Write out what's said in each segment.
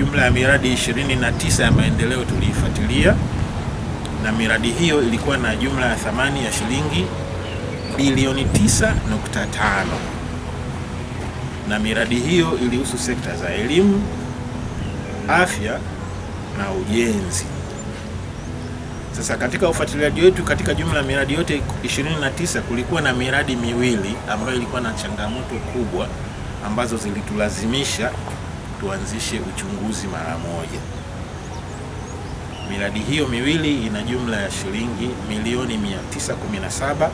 Jumla ya miradi 29 ya maendeleo tuliifuatilia na miradi hiyo ilikuwa na jumla ya thamani ya shilingi bilioni 9.5 na miradi hiyo ilihusu sekta za elimu, afya na ujenzi. Sasa katika ufuatiliaji wetu katika jumla ya miradi yote 29 kulikuwa na miradi miwili ambayo ilikuwa na changamoto kubwa ambazo zilitulazimisha tuanzishe uchunguzi mara moja. Miradi hiyo miwili ina jumla ya shilingi milioni 917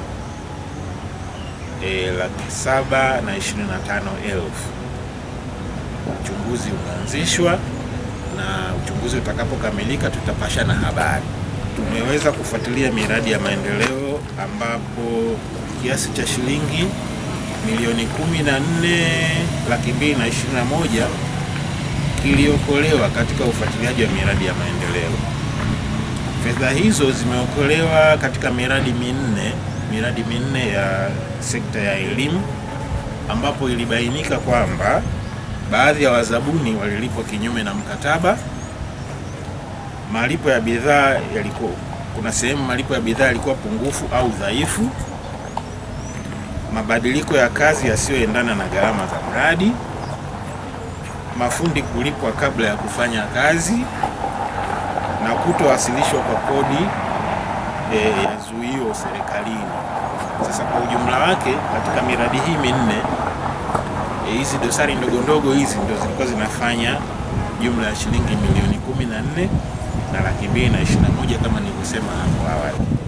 e, eh, laki saba na 25 elfu. Uchunguzi umeanzishwa na uchunguzi utakapokamilika tutapasha na habari. Tumeweza kufuatilia miradi ya maendeleo ambapo kiasi cha shilingi milioni 14 laki mbili na 21 kiliokolewa katika ufuatiliaji wa miradi ya maendeleo. Fedha hizo zimeokolewa katika miradi minne, miradi minne ya sekta ya elimu ambapo ilibainika kwamba baadhi ya wazabuni walilipwa kinyume na mkataba. Malipo ya bidhaa yalikuwa, kuna sehemu malipo ya bidhaa yalikuwa pungufu au dhaifu, mabadiliko ya kazi yasiyoendana na gharama za mradi mafundi kulipwa kabla ya kufanya kazi na kutowasilishwa kwa kodi e, ya zuio serikalini. Sasa kwa ujumla wake katika miradi hii minne e, hizi e, dosari ndogo ndogo hizi ndio zilikuwa zinafanya jumla ya shilingi milioni 14 na laki mbili na ishirini na moja kama nilivyosema hapo awali.